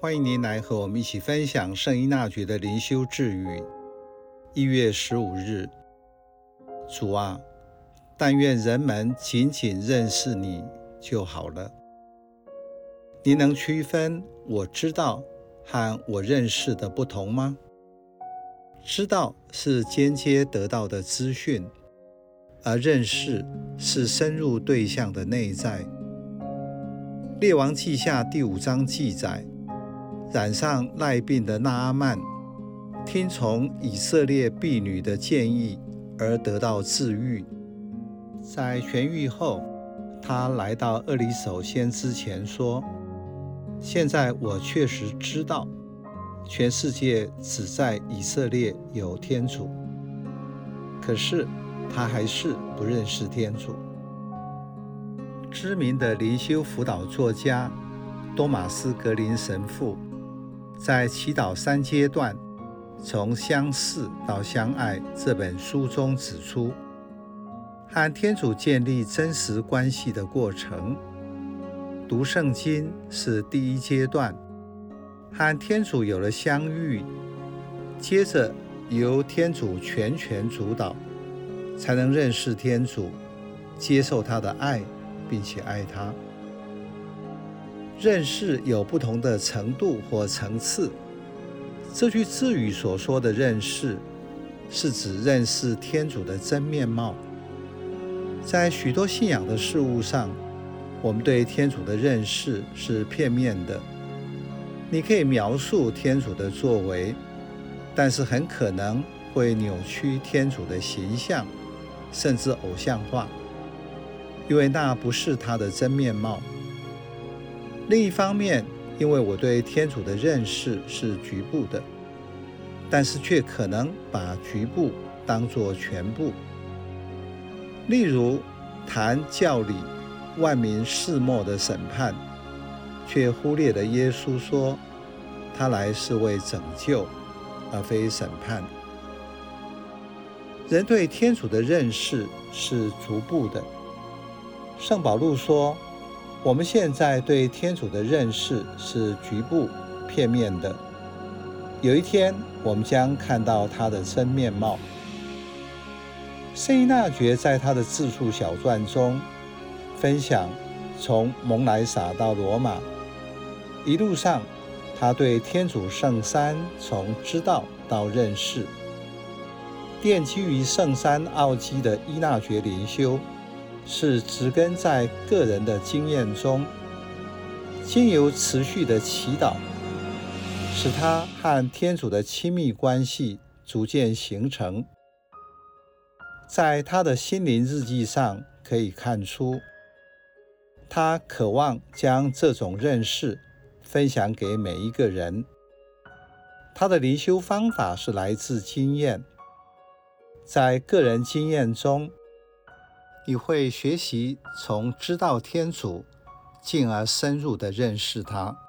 歡迎您來和我們一起分享聖依納爵的靈修智語。一月十五日，主啊，但願人們僅僅認識你就好了。您能區分我知道和我認識的不同嗎？知道是間接得到的資訊，而認識是深入對象的內在。列王記下第五章記載。染上癩病的納阿曼，聽從以色列婢女的建議而得到治癒。在痊癒後，他來到厄里叟先知前說：“現在我確實知道，全世界只在以色列有天主。可是他還是不認識天主。”知名的靈修輔導作家多瑪斯·格林神父。在《祈禱三階段：從相識到相愛》這本書中指出，和天主建立真實關係的過程，讀聖經是第一階段，和天主有了相遇，接着由天主全權主導，才能認識天主，接受他的愛，並且愛他。認識有不同的程度或層次。這句智語所說的認識，是指認識天主的真面貌。在許多信仰的事物上，我們對天主的認識是片面的。你可以描述天主的作為，但是很可能會扭曲天主的形象，甚至偶像化，因為那不是他的真面貌。另一方面，因為我對天主的認識是局部的，但是卻可能把局部當作全部。例如，談教理，萬民四末的審判，卻忽略了耶穌說，他來是為拯救，而非審判。人對天主的認識是逐步的。聖保祿說。我們現在對天主的認識是局部、片面的。有一天，我們將看到他的真面貌。聖依納爵在他的自述小傳中，分享從蒙萊撒到羅馬，一路上他對天主聖三從知道到認識。奠基於聖三奧蹟的依納爵靈修。是植根在個人的經驗中，經由持續的祈禱，使他和天主的親密關係逐漸形成。在他的心靈日記上可以看出，他渴望將這種認識分享給每一個人。他的靈修方法是來自經驗，在個人經驗中。你會學習從知道天主，進而深入的認識他。